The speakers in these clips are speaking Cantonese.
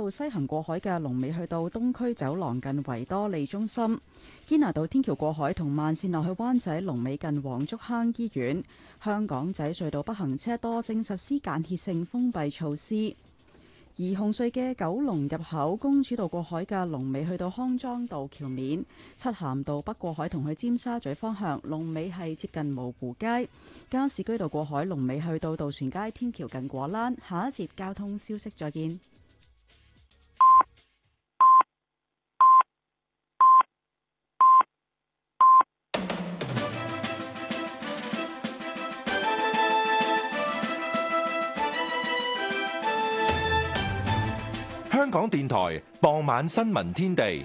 到西行過海嘅龍尾去到東區走廊近維多利中心堅拿道天橋過海同慢線落去灣仔龍尾近黃竹坑醫院。香港仔隧道北行車多，正實施間歇性封閉措施。而紅隧嘅九龍入口公主道過海嘅龍尾去到康莊道橋面，漆咸道北過海同去尖沙咀方向龍尾係接近蕪湖街，加士居道過海龍尾去到渡船街天橋近果欄。下一節交通消息，再見。香港電台傍晚新聞天地，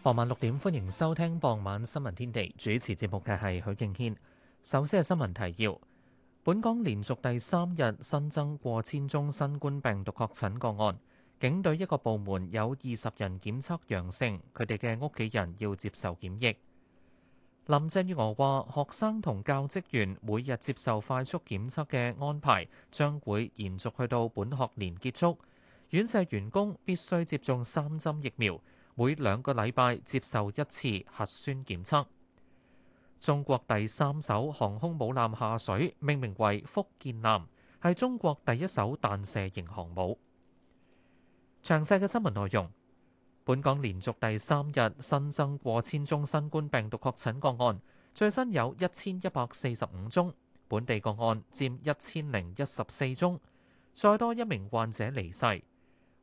傍晚六點歡迎收聽傍晚新聞天地，主持節目嘅係許敬軒。首先係新聞提要：本港連續第三日新增過千宗新冠病毒確診個案，警隊一個部門有二十人檢測陽性，佢哋嘅屋企人要接受檢疫。林鄭月娥話：學生同教職員每日接受快速檢測嘅安排，將會延續去到本學年結束。院舍員工必須接種三針疫苗，每兩個禮拜接受一次核酸檢測。中國第三艘航空母艦下水，命名為福建艦，係中國第一艘彈射型航母。詳細嘅新聞內容。本港連續第三日新增過千宗新冠病毒確診個案，最新有一千一百四十五宗，本地個案佔一千零一十四宗。再多一名患者離世。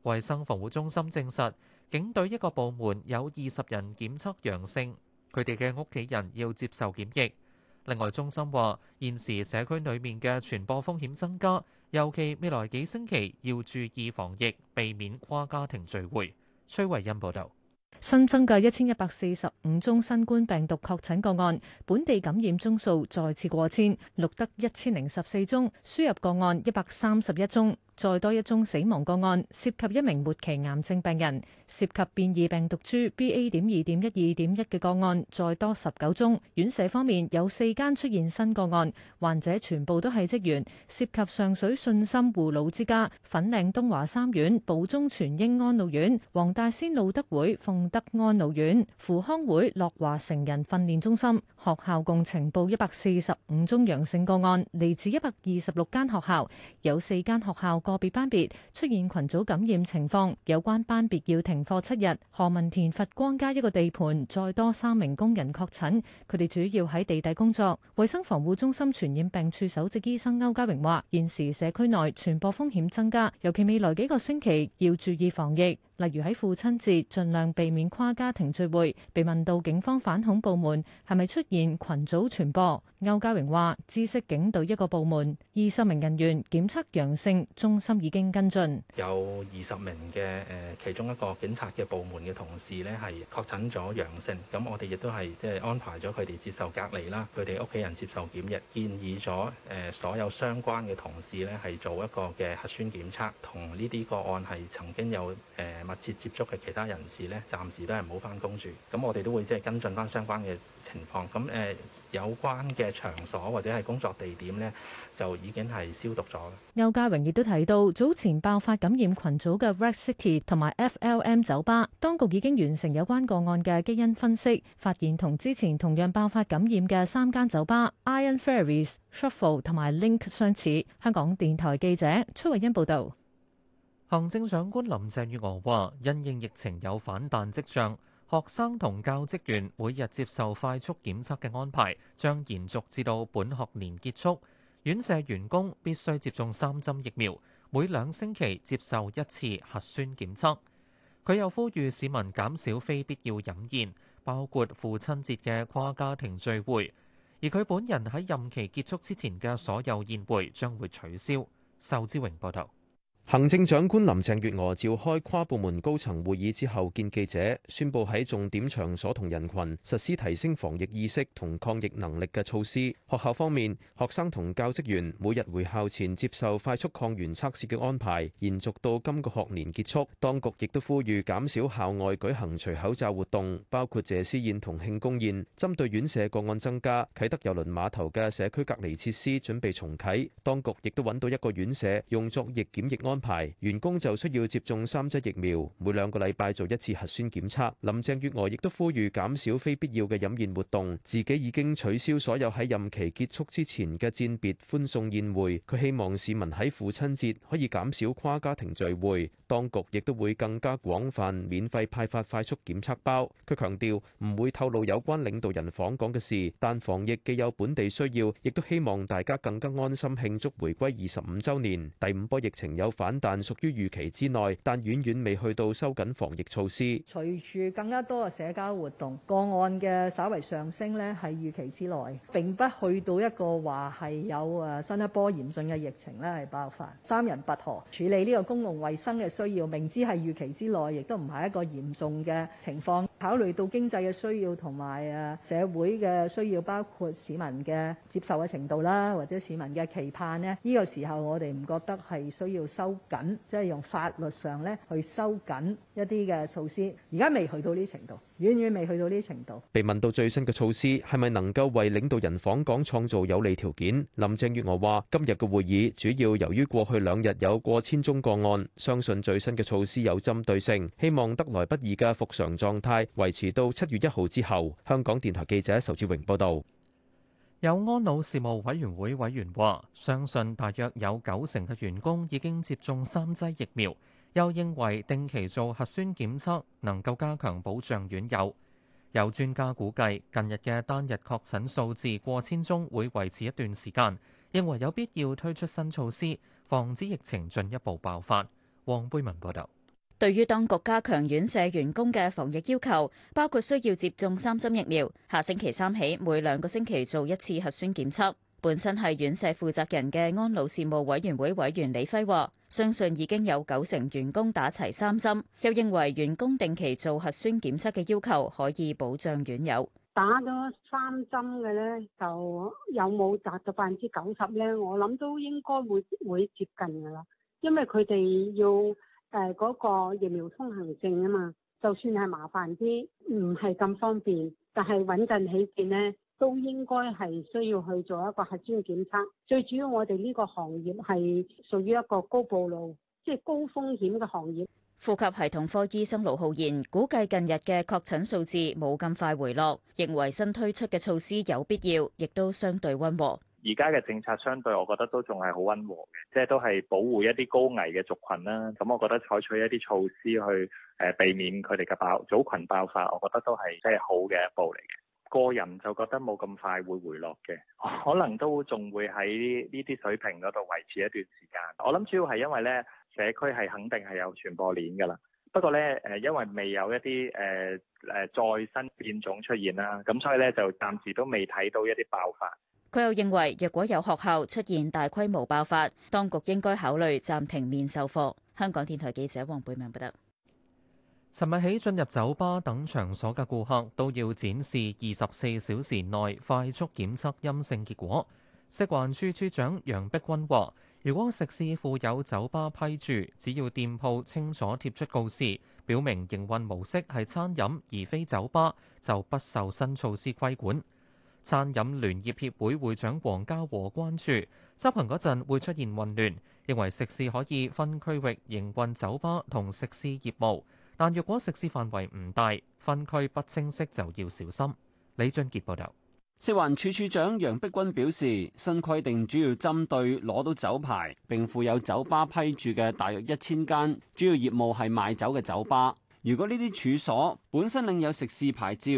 衛生防護中心證實，警隊一個部門有二十人檢測陽性，佢哋嘅屋企人要接受檢疫。另外，中心話現時社區裡面嘅傳播風險增加，尤其未來幾星期要注意防疫，避免跨家庭聚會。崔慧欣報道：新增嘅一千一百四十五宗新冠病毒確診個案，本地感染宗數再次過千，錄得一千零十四宗，輸入個案一百三十一宗。再多一宗死亡個案，涉及一名末期癌症病人，涉及變異病毒株 BA. 點二點一二點一嘅個案，再多十九宗。院舍方面有四間出現新個案，患者全部都係職員，涉及上水信心護老之家、粉嶺東華三院、寶中全英安老院、黃大仙路德會奉德安老院、扶康會樂華成人訓練中心。學校共呈報一百四十五宗陽性個案，嚟自一百二十六間學校，有四間學校，個別班別出現群組感染情況，有關班別要停課七日。何文田佛光街一個地盤再多三名工人確診，佢哋主要喺地底工作。衛生防護中心傳染病處首席醫生歐家榮話，現時社區內傳播風險增加，尤其未來幾個星期要注意防疫。例如喺父親節，盡量避免跨家庭聚會。被問到警方反恐部門係咪出現群組傳播，歐家榮話：知識警隊一個部門二十名人員檢測陽性，中心已經跟進。有二十名嘅誒、呃、其中一個警察嘅部門嘅同事呢係確診咗陽性，咁我哋亦都係即係安排咗佢哋接受隔離啦，佢哋屋企人接受檢疫，建議咗誒、呃、所有相關嘅同事呢係做一個嘅核酸檢測，同呢啲個案係曾經有誒。呃密切接觸嘅其他人士呢，暫時都係冇返工住。咁我哋都會即係跟進返相關嘅情況。咁誒有關嘅場所或者係工作地點呢，就已經係消毒咗。邱家榮亦都提到，早前爆發感染群組嘅 Rex City 同埋 F L M 酒吧，當局已經完成有關個案嘅基因分析，發現同之前同樣爆發感染嘅三間酒吧 Iron Fairies Shuffle 同埋 Link 相似。香港電台記者崔慧欣報道。行政長官林鄭月娥話：因應疫情有反彈跡象，學生同教職員每日接受快速檢測嘅安排，將延續至到本學年結束。院舍員工必須接種三針疫苗，每兩星期接受一次核酸檢測。佢又呼籲市民減少非必要飲宴，包括父親節嘅跨家庭聚會。而佢本人喺任期結束之前嘅所有宴會將會取消。仇之榮報道。行政長官林鄭月娥召開跨部門高層會議之後見記者，宣布喺重點場所同人群實施提升防疫意識同抗疫能力嘅措施。學校方面，學生同教職員每日回校前接受快速抗原測試嘅安排，延續到今個學年結束。當局亦都呼籲減少校外舉行除口罩活動，包括謝師宴同慶功宴。針對院舍個案增加，啟德郵輪碼頭嘅社區隔離設施準備重啟。當局亦都揾到一個院舍用作疫檢疫安。安排員工就需要接種三劑疫苗，每兩個禮拜做一次核酸檢測。林鄭月娥亦都呼籲減少非必要嘅飲宴活動，自己已經取消所有喺任期結束之前嘅餞別歡送宴會。佢希望市民喺父親節可以減少跨家庭聚會，當局亦都會更加廣泛免費派發快速檢測包。佢強調唔會透露有關領導人訪港嘅事，但防疫既有本地需要，亦都希望大家更加安心慶祝回歸二十五週年。第五波疫情有反。反彈屬於預期之內，但遠遠未去到收緊防疫措施。隨住更加多嘅社交活動，個案嘅稍微上升咧，係預期之內，並不去到一個話係有誒，新一波嚴峻嘅疫情咧係爆發。三人拔河處理呢個公共衛生嘅需要，明知係預期之內，亦都唔係一個嚴重嘅情況。考慮到經濟嘅需要同埋社會嘅需要，包括市民嘅接受嘅程度啦，或者市民嘅期盼呢。呢個時候我哋唔覺得係需要收緊，即係用法律上咧去收緊一啲嘅措施。而家未去到呢程度。遠遠未去到呢程度。被問到最新嘅措施係咪能夠為領導人訪港創造有利條件，林鄭月娥話：今日嘅會議主要由於過去兩日有過千宗個案，相信最新嘅措施有針對性，希望得來不易嘅復常狀態維持到七月一號之後。香港電台記者仇志榮報導。有安老事務委員會委員話：相信大約有九成嘅員工已經接種三劑疫苗。又認為定期做核酸檢測能夠加強保障院友。有專家估計，近日嘅單日確診數字過千宗會維持一段時間，認為有必要推出新措施，防止疫情進一步爆發。黃貝文報道，對於當局加強院舍員工嘅防疫要求，包括需要接種三針疫苗，下星期三起每兩個星期做一次核酸檢測。本身係院舍負責人嘅安老事務委員會委員李輝話。相信已經有九成員工打齊三針，又認為員工定期做核酸檢測嘅要求可以保障院友。打咗三針嘅咧，就有冇達到百分之九十咧？我諗都應該會會接近㗎喇，因為佢哋要誒嗰個疫苗通行證啊嘛，就算係麻煩啲，唔係咁方便，但係穩陣起見咧。都應該係需要去做一個核酸嘅檢測。最主要，我哋呢個行業係屬於一個高暴露，即係高風險嘅行業。呼吸系統科醫生盧浩然估計近日嘅確診數字冇咁快回落，認為新推出嘅措施有必要，亦都相對溫和。而家嘅政策相對，我覺得都仲係好溫和嘅，即係都係保護一啲高危嘅族群啦。咁我覺得採取一啲措施去誒避免佢哋嘅爆組群爆發，我覺得都係即係好嘅一步嚟嘅。個人就覺得冇咁快會回落嘅，可能都仲會喺呢啲水平嗰度維持一段時間。我諗主要係因為咧社區係肯定係有傳播鏈㗎啦。不過咧誒，因為未有一啲誒誒再新變種出現啦，咁所以咧就暫時都未睇到一啲爆發。佢又認為，若果有學校出現大規模爆發，當局應該考慮暫停面授課。香港電台記者黃貝敏報道。尋日起進入酒吧等場所嘅顧客都要展示二十四小時內快速檢測陰性結果。食環署署長楊碧君話，如果食肆附有酒吧批注，只要店鋪清楚貼出告示，表明營運模式係餐飲而非酒吧，就不受新措施規管。餐飲聯業協會會長黃家和關注，執行嗰陣會出現混亂，認為食肆可以分區域營運酒吧同食肆業務，但若果食肆範圍唔大、分區不清晰，就要小心。李俊杰報導，食環署署長楊碧君表示，新規定主要針對攞到酒牌並附有酒吧批注嘅大約一千間主要業務係賣酒嘅酒吧。如果呢啲處所本身另有食肆牌照，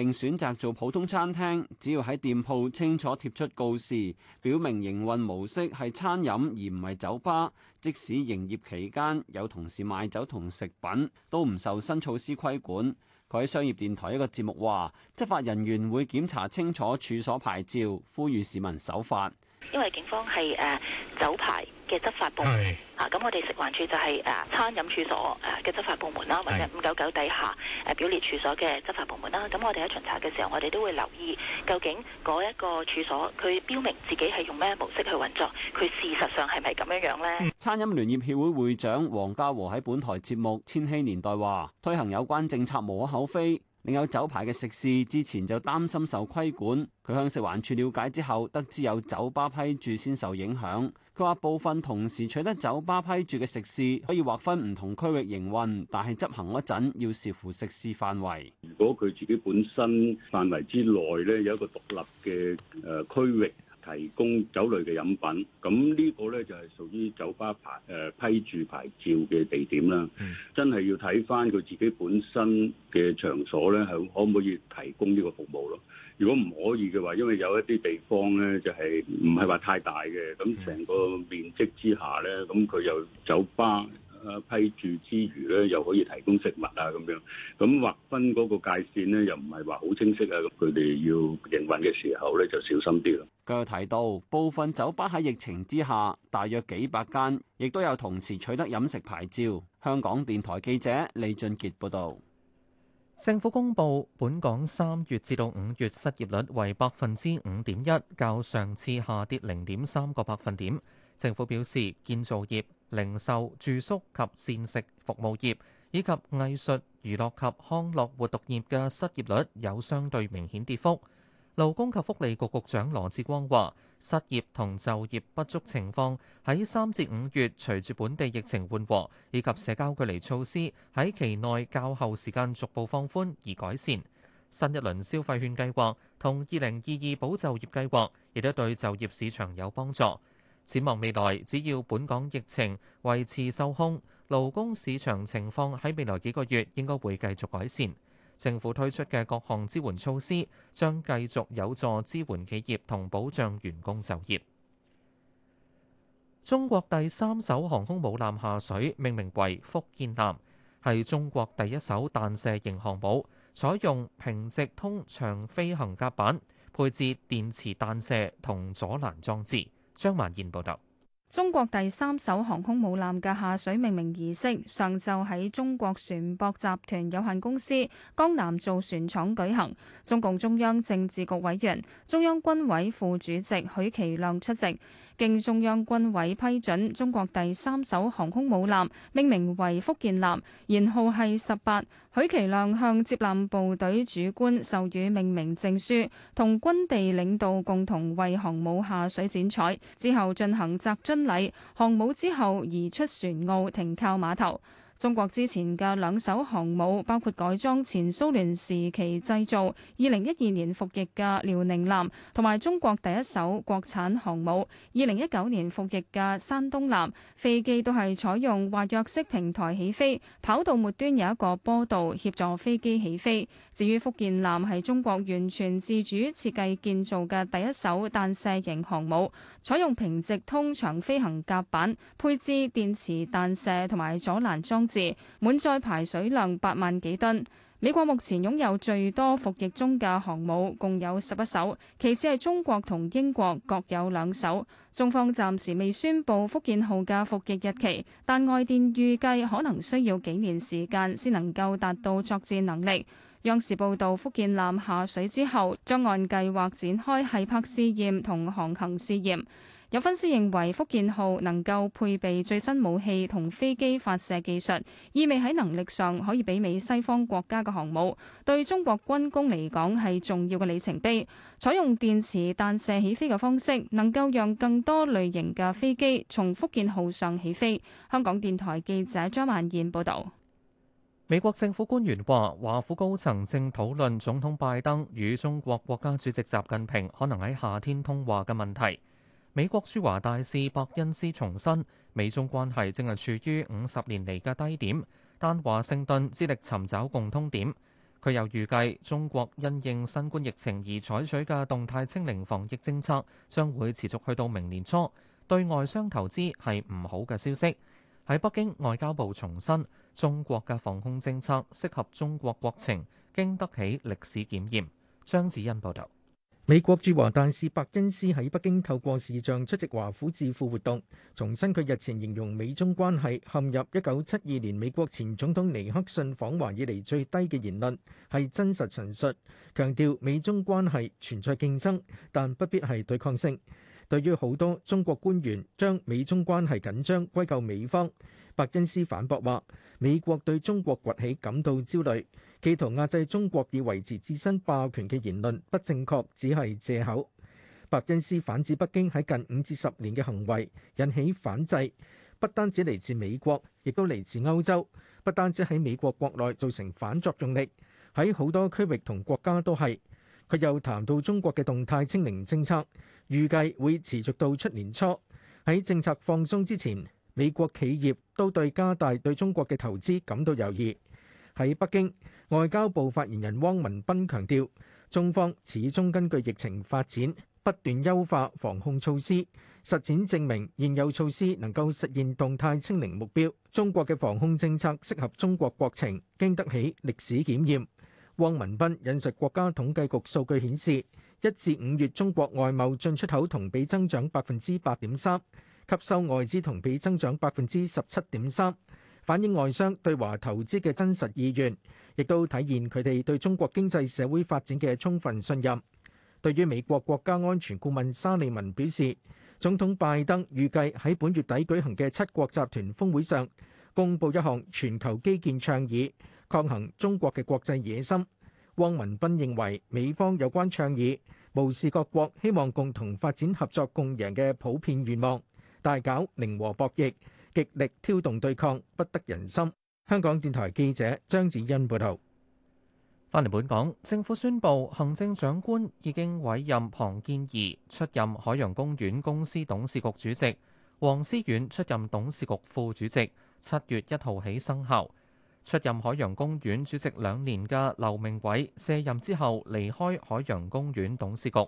並選擇做普通餐廳，只要喺店鋪清楚貼出告示，表明營運模式係餐飲而唔係酒吧。即使營業期間有同事買酒同食品，都唔受新措施規管。佢喺商業電台一個節目話，執法人員會檢查清楚處所牌照，呼籲市民守法。因為警方係誒酒牌嘅執法部門啊，咁 Yes. 我哋食環署就係誒餐飲處所誒嘅執法部門啦，或者五九九底下誒表列處所嘅執法部門啦。咁我哋喺巡查嘅時候，我哋都會留意究竟嗰一個處所佢標明自己係用咩模式去運作，佢事實上係咪咁樣呢？嗯、餐飲聯業協會會,會長黃家和喺本台節目《千禧年代》話：推行有關政策無可厚非。另有酒牌嘅食肆之前就擔心受規管，佢向食環署了解之後得知，有酒吧批注先受影響，佢話部分同時取得酒吧批注嘅食肆可以劃分唔同區域營運，但係執行嗰陣要視乎食肆範圍，如果佢自己本身範圍之內咧，有一個獨立嘅誒區域。提供酒類嘅飲品，咁呢個呢就係、是、屬於酒吧牌誒、呃、批注牌照嘅地點啦。的真係要睇翻佢自己本身嘅場所呢，係可唔可以提供呢個服務咯？如果唔可以嘅話，因為有一啲地方呢就係唔係話太大嘅，咁成個面積之下呢，咁佢又酒吧，誒批住之餘咧，又可以提供食物啊咁樣，咁劃分嗰個界線咧，又唔係話好清晰啊！咁佢哋要營運嘅時候咧，就小心啲咯。佢又提到，部分酒吧喺疫情之下，大約幾百間，亦都有同時取得飲食牌照。香港電台記者李俊傑報導。政府公布本港三月至到五月失業率為百分之五點一，較上次下跌零點三個百分點。政府表示，建造業、零售、住宿及膳食服務業以及藝術、娛樂及康樂活動業嘅失業率有相對明顯跌幅。勞工及福利局局長羅志光話失業同就業不足情況，喺三至五月，隨住本地疫情緩和以及社交距離措施喺期內較後時間逐步放寬而改善。新一輪消費券計劃同二零二二保就業計劃亦都對就業市場有幫助。展望未來，只要本港疫情維持受控，勞工市場情況喺未來幾個月應該會繼續改善。政府推出嘅各項支援措施將繼續有助支援企業同保障員工就業。中國第三艘航空母艦下水，命名為福建艦，係中國第一艘彈射型航母，採用平直通長飛行甲板，配置電池彈射同阻攔裝置。張曼燕報道：中國第三艘航空母艦嘅下水命名儀式上晝喺中國船舶集團有限公司江南造船廠舉行。中共中央政治局委員、中央軍委副主席許其亮出席。經中央軍委批准，中國第三艘航空母艦命名為福建艦，舷號係十八。許其亮向接艦部隊主官授予命名證書，同軍地領導共同為航母下水剪彩，之後進行擲樽禮。航母之後移出船塢，停靠碼頭。中國之前嘅兩艘航母，包括改裝前蘇聯時期製造、二零一二年服役嘅遼寧艦，同埋中國第一艘國產航母、二零一九年服役嘅山東艦。飛機都係採用滑躍式平台起飛，跑道末端有一個坡道協助飛機起飛。至於福建艦係中國完全自主設計建造嘅第一艘彈射型航母，採用平直通長飛行甲板，配置電磁彈射同埋阻攔裝。滿載排水量八萬幾噸。美國目前擁有最多服役中嘅航母，共有十一艘，其次係中國同英國各有兩艘。中方暫時未宣布福建號嘅服役日期，但外電預計可能需要幾年時間先能夠達到作戰能力。央視報道，福建艦下水之後，將按計劃展開繫泊試驗同航行試驗。有分析認為，福建號能夠配備最新武器同飛機發射技術，意味喺能力上可以媲美西方國家嘅航母。對中國軍工嚟講係重要嘅里程碑。採用電池彈射起飛嘅方式，能夠讓更多類型嘅飛機從福建號上起飛。香港電台記者張曼燕報導。美國政府官員話，華府高層正討論總統拜登與中國國家主席習近平可能喺夏天通話嘅問題。美國駐華大使伯恩斯重申，美中關係正係處於五十年嚟嘅低點，但華盛頓致力尋找共通點。佢又預計中國因應新冠疫情而採取嘅動態清零防疫政策，將會持續去到明年初，對外商投資係唔好嘅消息。喺北京，外交部重申，中國嘅防控政策適合中國國情，經得起歷史檢驗。張子欣報道。美國駐華大使白金斯喺北京透過視像出席華府智庫活動，重申佢日前形容美中關係陷入一九七二年美國前總統尼克遜訪華以嚟最低嘅言論係真實陳述，強調美中關係存在競爭，但不必係對抗性。對於好多中國官員將美中關係緊張歸咎美方，白恩斯反駁話：美國對中國崛起感到焦慮，企圖壓制中國以維持自身霸權嘅言論不正確，只係借口。白恩斯反指北京喺近五至十年嘅行為引起反制，不單止嚟自美國，亦都嚟自歐洲，不單止喺美國國內造成反作用力，喺好多區域同國家都係。佢又談到中國嘅動態清零政策，預計會持續到出年初。喺政策放鬆之前，美國企業都對加大對中國嘅投資感到猶豫。喺北京，外交部發言人汪文斌強調，中方始終根據疫情發展不斷優化防控措施，實踐證明現有措施能夠實現動態清零目標。中國嘅防控政策適合中國國情，經得起歷史檢驗。汪文斌引述國家統計局數據顯示，一至五月中國外貿進出口同比增長百分之八點三，吸收外資同比增長百分之十七點三，反映外商對華投資嘅真實意願，亦都體現佢哋對中國經濟社會發展嘅充分信任。對於美國國家安全顧問沙利文表示，總統拜登預計喺本月底舉行嘅七國集團峰會上，公布一項全球基建倡議。抗衡中國嘅國際野心，汪文斌認為美方有關倡議無視各國希望共同發展、合作共贏嘅普遍願望，大搞零和博弈，極力挑動對抗，不得人心。香港電台記者張子欣報導。翻嚟本港，政府宣布行政長官已經委任龐建貽出任海洋公園公司董事局主席，黃思遠出任董事局副主席，七月一號起生效。出任海洋公園主席兩年嘅劉明偉卸任之後，離開海洋公園董事局。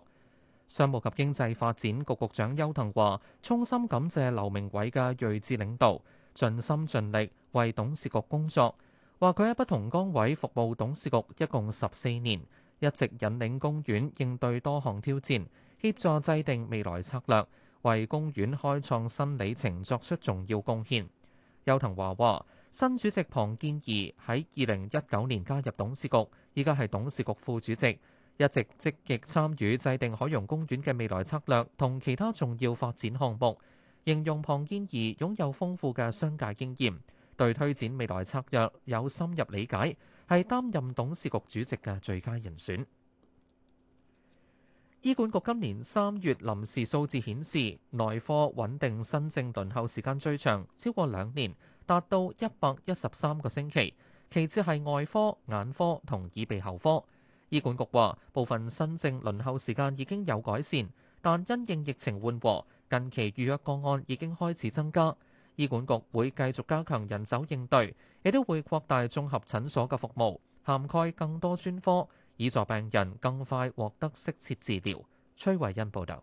商務及經濟發展局局長邱騰華衷心感謝劉明偉嘅睿智領導，盡心盡力為董事局工作。話佢喺不同崗位服務董事局一共十四年，一直引領公園應對多項挑戰，協助制定未來策略，為公園開創新里程作出重要貢獻。邱騰華話。新主席龐建儀喺二零一九年加入董事局，依家係董事局副主席，一直積極參與制定海洋公園嘅未來策略同其他重要發展項目。形容龐建儀擁有豐富嘅商界經驗，對推展未來策略有深入理解，係擔任董事局主席嘅最佳人選。 醫管局今年三月臨時數字顯示，內科穩定新症輪候時間最長，超過兩年。達到一百一十三個星期，其次係外科、眼科同耳鼻喉科。醫管局話，部分新症輪候時間已經有改善，但因應疫情緩和，近期預約個案已經開始增加。醫管局會繼續加強人手應對，亦都會擴大綜合診所嘅服務，涵蓋更多專科，以助病人更快獲得適切治療。崔維恩報道。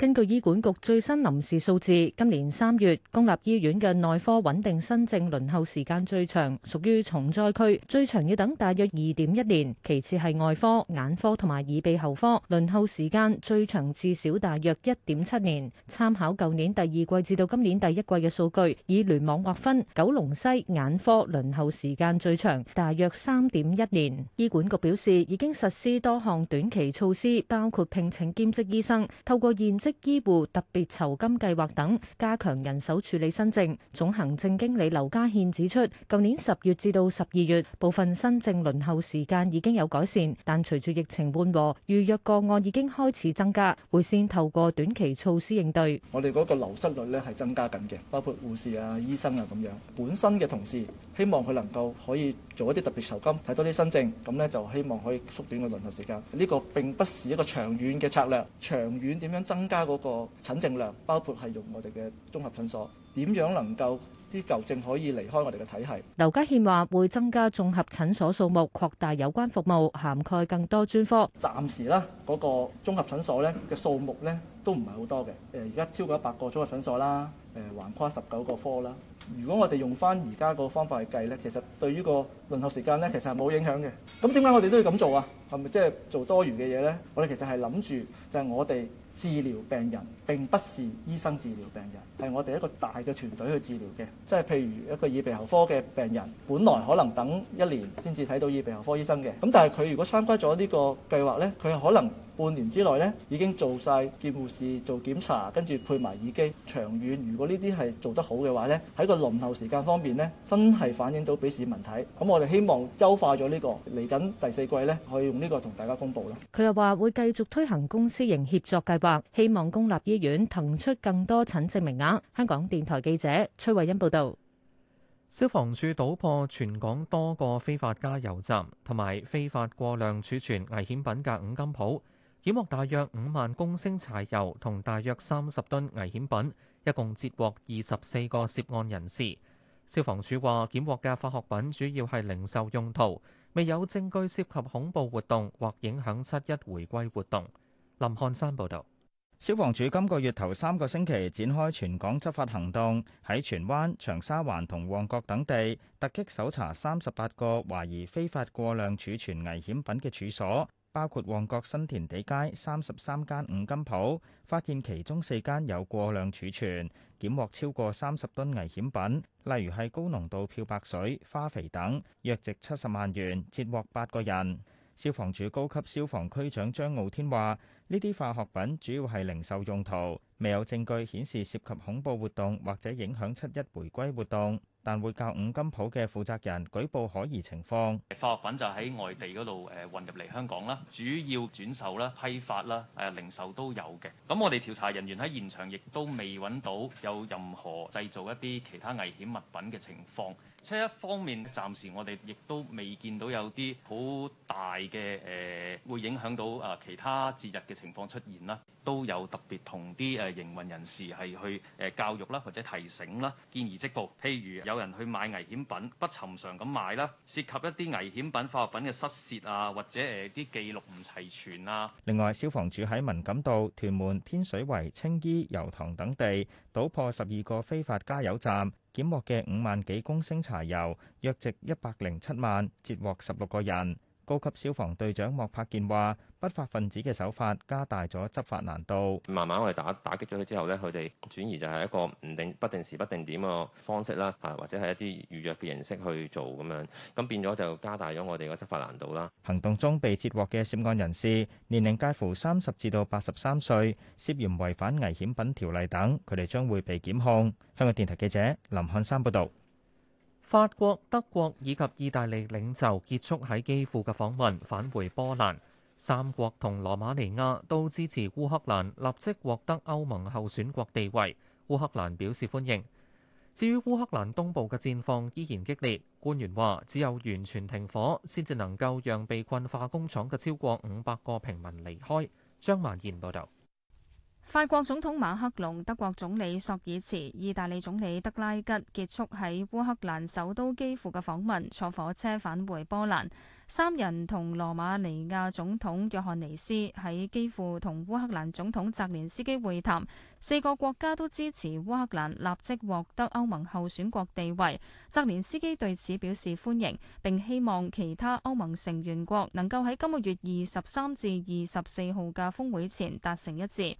根據醫管局最新臨時數字，今年三月公立醫院嘅內科穩定新症輪候時間最長，屬於重災區，最長要等大約二點一年。其次係外科、眼科同埋耳鼻喉科，輪候時間最長至少大約一點七年。參考舊年第二季至到今年第一季嘅數據，以聯網劃分，九龍西眼科輪候時間最長，大約三點一年。醫管局表示已經實施多項短期措施，包括聘請兼職醫生，透過現職的醫護特別酬金計劃等加強人手處理新症總行政經理劉家獻指出，舊年十月至到十二月，部分新症輪候時間已經有改善，但隨住疫情緩和，預約個案已經開始增加，會先透過短期措施應對。我哋嗰個流失率咧係增加緊嘅，包括護士啊、醫生啊咁樣，本身嘅同事希望佢能夠可以做一啲特別酬金，睇多啲新症，咁咧就希望可以縮短個輪候時間。呢個並不是一個長遠嘅策略，長遠點樣增加？加嗰個診症量，包括係用我哋嘅綜合診所，點樣能夠啲舊症可以離開我哋嘅體係？劉家獻話會增加綜合診所數目，擴大有關服務，涵蓋更多專科。暫時啦，嗰個綜合診所咧嘅數目咧都唔係好多嘅。誒而家超過一百個綜合診所啦，誒橫跨十九個科啦。如果我哋用翻而家個方法去計咧，其實對於個輪候時間咧，其實，係冇影響嘅。咁點解我哋都要咁做啊？係咪即係做多餘嘅嘢咧？我哋其實，係諗住就係我哋。治療病人並不是醫生治療病人，係我哋一個大嘅團隊去治療嘅，即係譬如一個耳鼻喉科嘅病人，本來可能等一年先至睇到耳鼻喉科醫生嘅，咁但係佢如果參加咗呢個計劃呢，佢可能。半年之內呢，已經做晒，見護士做檢查，跟住配埋耳機。長遠，如果呢啲係做得好嘅話呢，呢喺個輪候時間方面呢，真係反映到俾市民睇。咁、嗯、我哋希望優化咗呢、這個嚟緊第四季呢，可以用呢個同大家公布啦。佢又話會繼續推行公私營協作計劃，希望公立醫院騰出更多診症名額。香港電台記者崔慧欣報道。消防處搗破全港多個非法加油站，同埋非法過量儲存危險品嘅五金鋪。檢獲大約五萬公升柴油同大約三十噸危險品，一共截獲二十四個涉案人士。消防處話：檢獲嘅化學品主要係零售用途，未有證據涉及恐怖活動或影響七一回歸活動。林漢山報導。消防處今個月頭三個星期展開全港執法行動，喺荃灣、長沙灣同旺角等地突擊搜查三十八個懷疑非法過量儲存危險品嘅處所。包括旺角新填地街三十三間五金鋪，發現其中四間有過量儲存，檢獲超過三十噸危險品，例如係高濃度漂白水、花肥等，約值七十萬元，截獲八個人。消防處高級消防區長張傲天話：呢啲化學品主要係零售用途，未有證據顯示涉及恐怖活動或者影響七一回歸活動。但會教五金鋪嘅負責人舉報可疑情況。化學品就喺外地嗰度誒運入嚟香港啦，主要轉售啦、批發啦、誒零售都有嘅。咁我哋調查人員喺現場亦都未揾到有任何製造一啲其他危險物品嘅情況。即一方面，暫時我哋亦都未見到有啲好大嘅誒、呃，會影響到啊其他節日嘅情況出現啦。都有特別同啲誒營運人士係去誒教育啦，或者提醒啦，建議即報。譬如有人去買危險品，不尋常咁買啦，涉及一啲危險品化學品嘅失竊啊，或者誒啲記錄唔齊全啊。另外，消防處喺文錦道、屯門、天水圍、青衣、油塘等地，搗破十二個非法加油站，檢獲嘅五萬幾公升柴油，約值一百零七萬，截獲十六個人。高級消防隊長莫柏健話：不法分子嘅手法加大咗執法難度。慢慢我哋打打擊咗佢之後呢，佢哋轉移就係一個唔定不定時不定點嘅方式啦，啊或者係一啲預約嘅形式去做咁樣，咁變咗就加大咗我哋個執法難度啦。行動中被截獲嘅涉案人士年齡介乎三十至到八十三歲，涉嫌違反危險品條例等，佢哋將會被檢控。香港電台記者林漢山報導。法國、德國以及意大利領袖結束喺基輔嘅訪問，返回波蘭。三國同羅馬尼亞都支持烏克蘭立即獲得歐盟候選國地位，烏克蘭表示歡迎。至於烏克蘭東部嘅戰況依然激烈，官員話只有完全停火，先至能夠讓被困化工廠嘅超過五百個平民離開。張曼賢報導。多多法國總統馬克龍、德國總理朔爾茨、意大利總理德拉吉結束喺烏克蘭首都基輔嘅訪問，坐火車返回波蘭。三人同羅馬尼亞總統約翰尼斯喺基輔同烏克蘭總統澤連斯基會談。四個國家都支持烏克蘭立即獲得歐盟候選國地位。澤連斯基對此表示歡迎，並希望其他歐盟成員國能夠喺今個月二十三至二十四號嘅峰會前達成一致。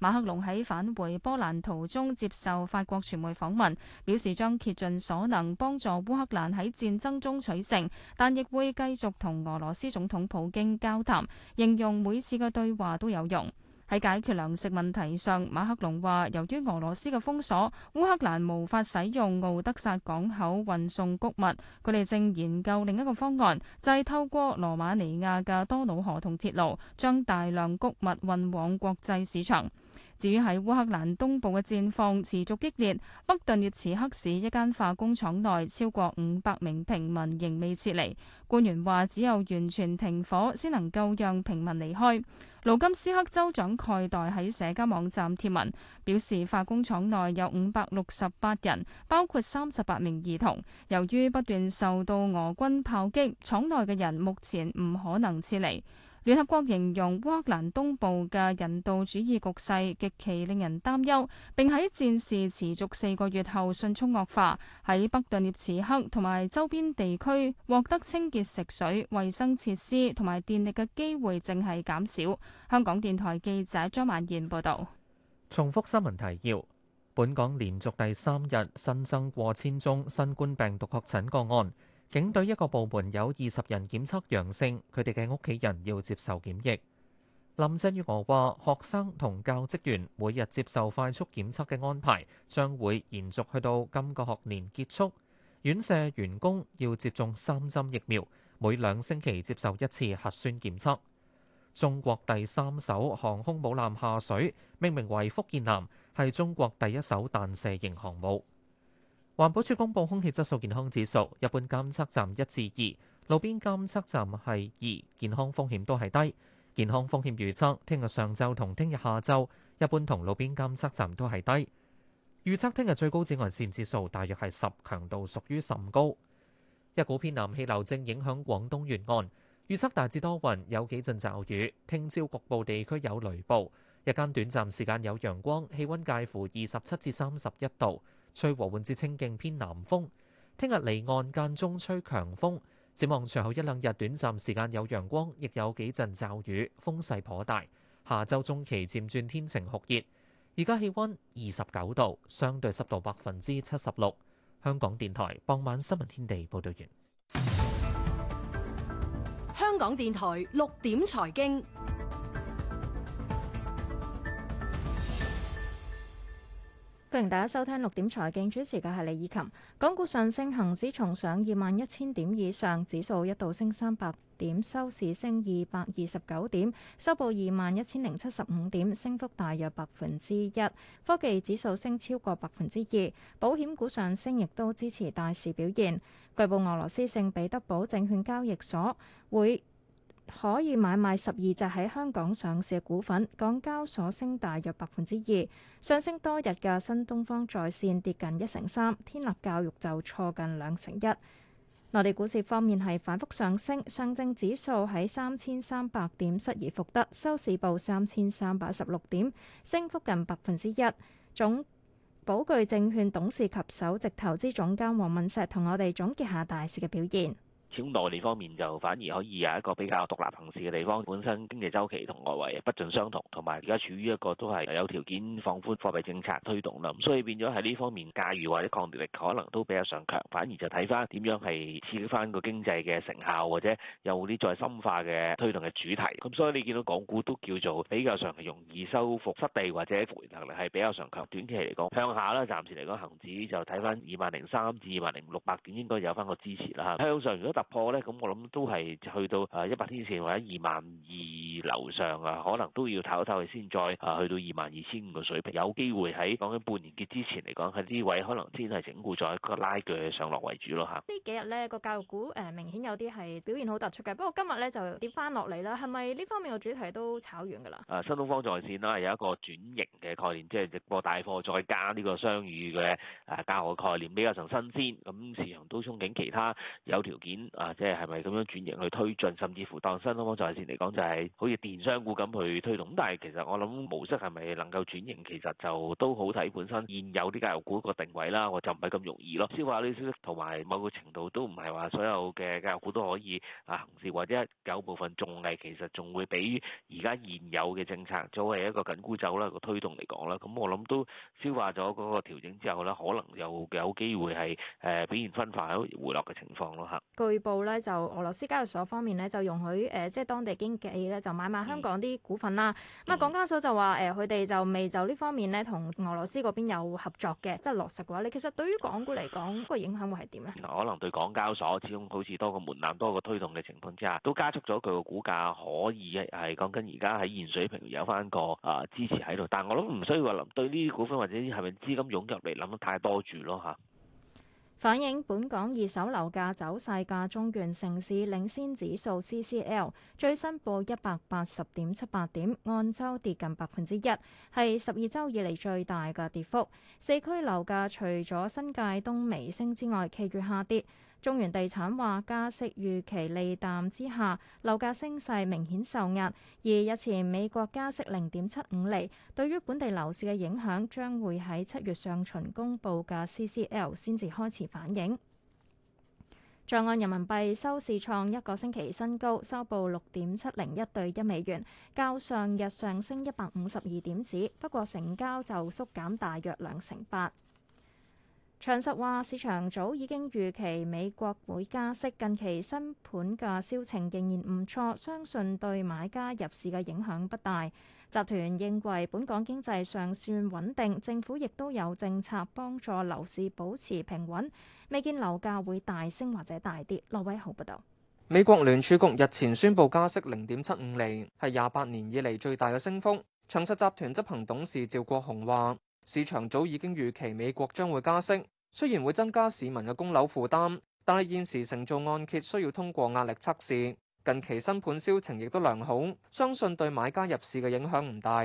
馬克龍喺返回波蘭途中接受法國傳媒訪問，表示將竭盡所能幫助烏克蘭喺戰爭中取勝，但亦會繼續同俄羅斯總統普京交談，形容每次嘅對話都有用。喺解決糧食問題上，馬克龍話由於俄羅斯嘅封鎖，烏克蘭無法使用奧德薩港口運送谷物，佢哋正研究另一個方案，就係透過羅馬尼亞嘅多瑙河同鐵路將大量谷物運往國際市場。至於喺烏克蘭東部嘅戰況持續激烈，北頓涅茨克市一間化工廠內超過五百名平民仍未撤離。官員話，只有完全停火先能夠讓平民離開。盧金斯克州長蓋代喺社交網站貼文表示，化工廠內有五百六十八人，包括三十八名兒童，由於不斷受到俄軍炮擊，廠內嘅人目前唔可能撤離。聯合國形容烏克蘭東部嘅人道主義局勢極其令人擔憂，並喺戰事持續四個月後迅速惡化。喺北頓涅茨克同埋周邊地區獲得清潔食水、衛生設施同埋電力嘅機會，正係減少。香港電台記者張曼燕報導。重複新聞提要：本港連續第三日新增過千宗新冠病毒確診個案。警隊一個部門有二十人檢測陽性，佢哋嘅屋企人要接受檢疫。林鄭月娥話：學生同教職員每日接受快速檢測嘅安排，將會延續去到今個學年結束。院舍員工要接種三針疫苗，每兩星期接受一次核酸檢測。中國第三艘航空母艦下水，命名為福建艦，係中國第一艘彈射型航母。環保署公布空氣質素健康指數，一般監測站一至二，路邊監測站係二，健康風險都係低。健康風險預測，聽日上晝同聽日下晝，一般同路邊監測站都係低。預測聽日最高紫外線指數大約係十，強度屬於甚高。一股偏南氣流正影響廣東沿岸，預測大致多雲，有幾陣驟雨，聽朝局部地區有雷暴，日間短暫時間有陽光，氣温介乎二十七至三十一度。吹和緩至清勁偏南風，聽日離岸間中吹強風，展望隨後一兩日短暫時間有陽光，亦有幾陣驟雨，風勢頗大。下周中期漸轉天晴酷熱，而家氣溫二十九度，相對濕度百分之七十六。香港電台傍晚新聞天地報道完。香港電台六點財經。歡迎大家收聽六點財經，主持嘅係李綺琴。港股上升，恒指重上二萬一千點以上，指數一度升三百點，收市升二百二十九點，收報二萬一千零七十五點，升幅大約百分之一。科技指數升超過百分之二，保險股上升亦都支持大市表現。據報俄羅斯聖彼得堡證券交易所會。可以買賣十二隻喺香港上市嘅股份，港交所升大約百分之二，上升多日嘅新東方在線跌近一成三，天立教育就挫近兩成一。內地股市方面係反覆上升，上證指數喺三千三百點失而復得，收市報三千三百十六點，升幅近百分之一。總寶具證券董事及首席投資總監黃敏石同我哋總結下大市嘅表現。喺內地方面就反而可以有一個比較獨立行事嘅地方，本身經濟周期同外圍不盡相同，同埋而家處於一個都係有條件放寬貨幣政策推動啦，咁所以變咗喺呢方面，駕馭或者抗跌力，力可能都比較上強，反而就睇翻點樣係刺激翻個經濟嘅成效，或者有啲再深化嘅推動嘅主題。咁所以你見到港股都叫做比較上係容易收復失地，或者復原能力係比較上強，短期嚟講向下咧，暫時嚟講恒指就睇翻二萬零三至二萬零六百點應該有翻個支持啦、嗯。向上如果，突破咧，咁我諗都係去到啊一百天線或者二萬二樓上啊，可能都要唞一唞先，再啊去到二萬二千五嘅水平，有機會喺講緊半年結之前嚟講，喺呢位可能先係整固咗一個拉腳上落為主咯嚇。呢幾日咧個教育股誒明顯有啲係表現好突出嘅，不過今日咧就跌翻落嚟啦。係咪呢方面嘅主題都炒完㗎啦？啊，新東方在線啦，有一個轉型嘅概念，即係直播帶貨再加呢個雙語嘅啊教學概念比較上新鮮，咁市場都憧憬其他有條件。啊，即係係咪咁樣轉型去推進，甚至乎當新東方在線嚟講，就係好似電商股咁去推動。咁但係其實我諗模式係咪能夠轉型，其實就都好睇本身現有啲教育股個定位啦，我就唔係咁容易咯。消化呢啲消息，同埋某個程度都唔係話所有嘅教育股都可以啊行事，或者有部分重壓，其實仲會畀而家現有嘅政策作為一個緊箍咒啦個推動嚟講啦。咁我諗都消化咗嗰個調整之後咧，可能又有機會係誒表現分化、回落嘅情況咯嚇。佢。報咧、嗯嗯、就俄羅斯交易所方面咧就容許誒即係當地經紀咧就買賣香港啲股份啦。咁啊港交所就話誒佢哋就未就呢方面咧同俄羅斯嗰邊有合作嘅，即係落實嘅話，你其實對於港股嚟講個影響會係點咧？可能對港交所始終好似多個門檻、多個推動嘅情況之下，都加速咗佢個股價可以係講緊而家喺現水平有翻個啊支持喺度。但係我都諗唔需要話對呢啲股份或者係咪資金湧入嚟諗得太多住咯嚇。反映本港二手樓價走勢嘅中原城市領先指數 CCL 最新報一百八十點七八點，按週跌近百分之一，係十二週以嚟最大嘅跌幅。四區樓價除咗新界東微升之外，其餘下跌。中原地產話：加息預期利淡之下，樓價升勢明顯受壓。而日前美國加息零點七五厘，對於本地樓市嘅影響將會喺七月上旬公佈嘅 CCL 先至開始反映。在岸 人民幣收市創一個星期新高，收報六點七零一對一美元，較上日上升一百五十二點子。不過成交就縮減大約兩成八。長實話，市場早已經預期美國會加息，近期新盤嘅銷情仍然唔錯，相信對買家入市嘅影響不大。集團認為本港經濟尚算穩定，政府亦都有政策幫助樓市保持平穩，未見樓價會大升或者大跌。羅偉豪報道。美國聯儲局日前宣布加息零點七五厘，係廿八年以嚟最大嘅升幅。長實集團執行董事趙國雄話。市場早已經預期美國將會加息，雖然會增加市民嘅供樓負擔，但係現時承造按揭需要通過壓力測試，近期新盤銷情亦都良好，相信對買家入市嘅影響唔大。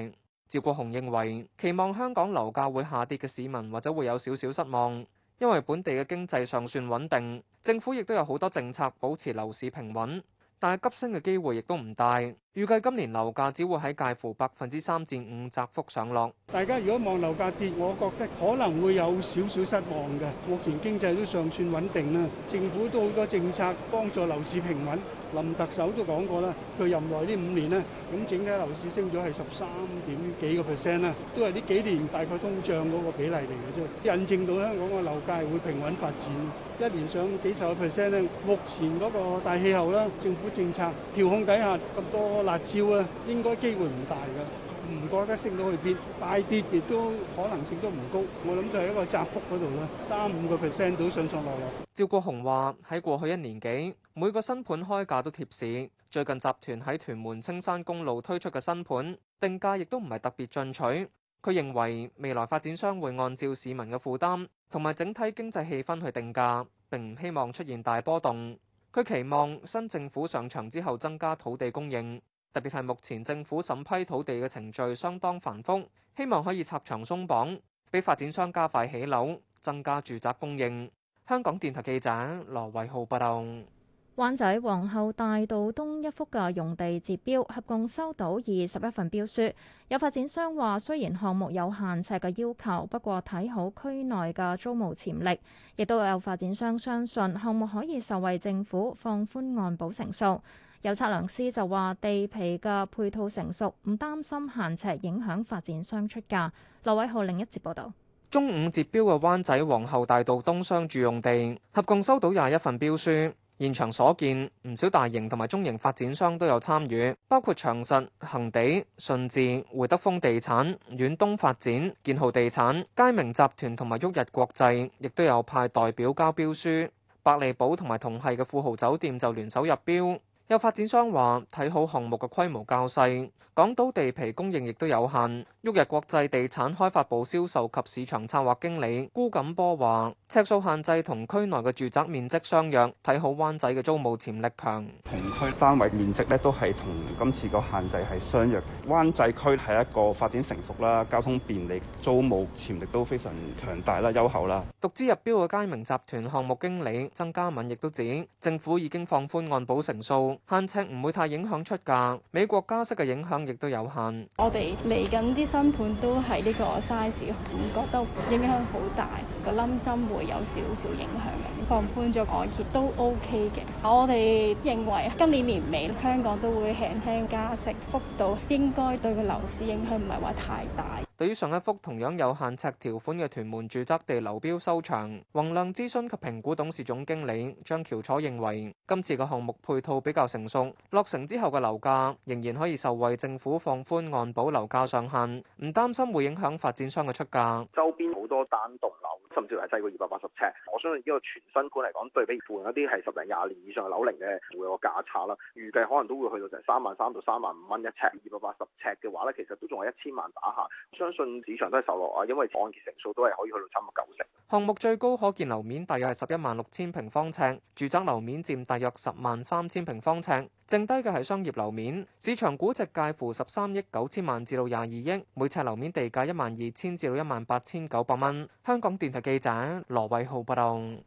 趙國雄認為，期望香港樓價會下跌嘅市民或者會有少少失望，因為本地嘅經濟尚算穩定，政府亦都有好多政策保持樓市平穩。但係急升嘅機會亦都唔大，預計今年樓價只會喺介乎百分之三至五窄幅上落。大家如果望樓價跌，我覺得可能會有少少失望嘅。目前經濟都尚算穩定啦，政府都好多政策幫助樓市平穩。林特首都講過啦，佢任內呢五年呢，咁整體樓市升咗係十三點幾個 percent 啦，都係呢幾年大概通脹嗰個比例嚟嘅啫，印證到香港嘅樓價會平穩發展。一年上幾十個 percent 咧，目前嗰個大氣候啦、政府政策調控底下咁多辣招咧，應該機會唔大㗎，唔覺得升到去邊，大跌亦都可能性都唔高。我諗就係一個窄幅嗰度啦，三五個 percent 都上上落落。趙國雄話：喺過去一年幾，每個新盤開價都貼市。最近集團喺屯門青山公路推出嘅新盤，定價亦都唔係特別進取。佢認為未來發展商會按照市民嘅負擔同埋整體經濟氣氛去定價，並唔希望出現大波動。佢期望新政府上場之後增加土地供應，特別係目前政府審批土地嘅程序相當繁複，希望可以拆牆鬆綁，俾發展商加快起樓，增加住宅供應。香港電台記者羅偉浩報道。灣仔皇后大道東一幅嘅用地截標，合共收到二十一份標書。有發展商話：雖然項目有限尺嘅要求，不過睇好區內嘅租務潛力，亦都有發展商相信項目可以受惠政府放寬按保成數。有測量師就話地皮嘅配套成熟，唔擔心限尺影響發展商出價。劉偉浩另一節報道，中午截標嘅灣仔皇后大道東商住用地，合共收到廿一份標書。現場所見，唔少大型同埋中型發展商都有參與，包括長實、恒地、順治、會德豐地產、遠東發展、建浩地產、佳明集團同埋旭日國際，亦都有派代表交標書。百利保同埋同系嘅富豪酒店就聯手入標。有發展商話睇好項目嘅規模較細，港島地皮供應亦都有限。旭日國際地產開發部銷售及市場策劃經理辜錦波話，尺數限制同區內嘅住宅面積相若，睇好灣仔嘅租務潛力強。同區單位面積咧都係同今次個限制係相若。灣仔區係一個發展成熟啦，交通便利，租務潛力都非常強大啦，優厚啦。獨資入標嘅佳明集團項目經理曾家敏亦都指，政府已經放寬按保成數。限尺唔會太影響出價，美國加息嘅影響亦都有限。 我哋嚟緊啲新盤都係呢個 size，總覺得影響好大，個擔心會有少少影響嘅。放寬咗按揭都 OK 嘅，我哋認為今年年尾香港都會輕輕加息，幅度應該對個樓市影響唔係話太大。對於上一幅同樣有限尺條款嘅屯門住宅地樓標收場，宏亮諮詢及評估董事總經理張翹楚認為，今次嘅項目配套比較成熟，落成之後嘅樓價仍然可以受惠政府放寬按保樓價上限，唔擔心會影響發展商嘅出價。周邊好多單棟樓，甚至係細過二百八十尺，我相信呢個全新盤嚟講，對比附近一啲係十零廿年以上嘅樓齡嘅，會有個價差啦。預計可能都會去到成三萬三到三萬五蚊一尺，二百八十尺嘅話咧，其實都仲係一千萬打下。相信市場都係受落啊，因為按揭成數都係可以去到差唔多九成。項目最高可建樓面大約係十一萬六千平方尺，住宅樓面佔大約十萬三千平方尺。剩低嘅係商業樓面。市場估值介乎十三億九千萬至到廿二億，每尺樓面地價一萬二千至到一萬八千九百蚊。香港電台記者羅偉浩報道。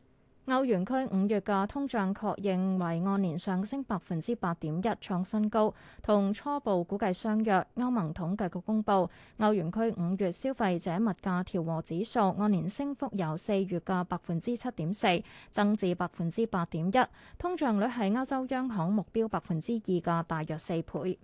歐元區五月嘅通脹確認為按年上升百分之八點一，創新高，同初步估計相若。歐盟統計局公佈，歐元區五月消費者物價調和指數按年升幅由四月嘅百分之七點四，增至百分之八點一，通脹率係歐洲央行目標百分之二嘅大約四倍。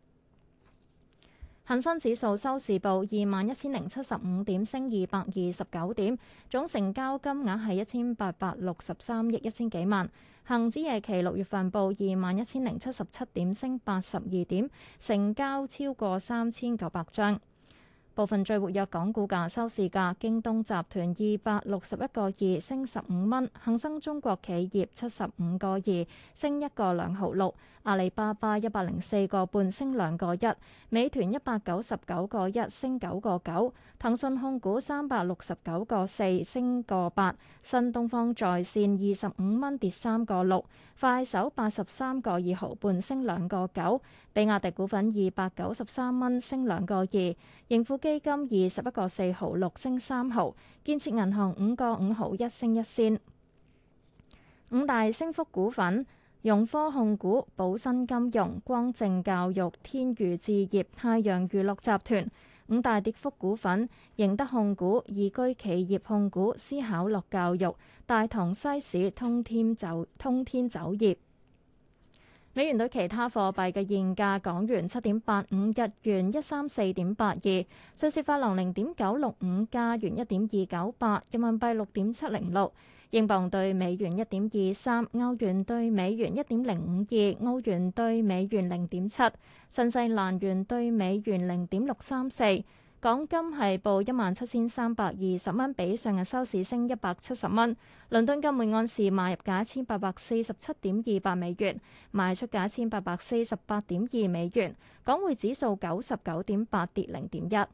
恒生指數收市報二萬一千零七十五點，升二百二十九點，總成交金額係一千八百六十三億一千幾萬。恒指夜期六月份報二萬一千零七十七點，升八十二點，成交超過三千九百張。部分最活躍港股價收市價，京東集團二百六十一個二升十五蚊，恆生中國企業七十五個二升一個兩毫六，阿里巴巴一百零四個半升兩個一，美團一百九十九個一升九個九，騰訊控股三百六十九個四升個八，新東方在線二十五蚊跌三個六，快手八十三個二毫半升兩個九，比亞迪股份二百九十三蚊升兩個二，盈富。基金二十一個四毫六升三毫，建設銀行五個五毫一升一仙。五大升幅股份：融科控股、寶新金融、光正教育、天譽置業、太陽娛樂集團。五大跌幅股份：盈德控股、易居企業控股、思考樂教育、大唐西市、通天酒通天酒業。美元兌其他貨幣嘅現價：港元七點八五，日元一三四點八二，瑞士法郎零點九六五，加元一點二九八，人民幣六點七零六，英鎊對美元一點二三，歐元對美元一點零五二，澳元對美元零點七，新西蘭元對美元零點六三四。港金係報一萬七千三百二十蚊，比上日收市升一百七十蚊。倫敦金每安士買入價一千八百四十七點二百美元，賣出價一千八百四十八點二美元。港匯指數九十九點八跌零點一。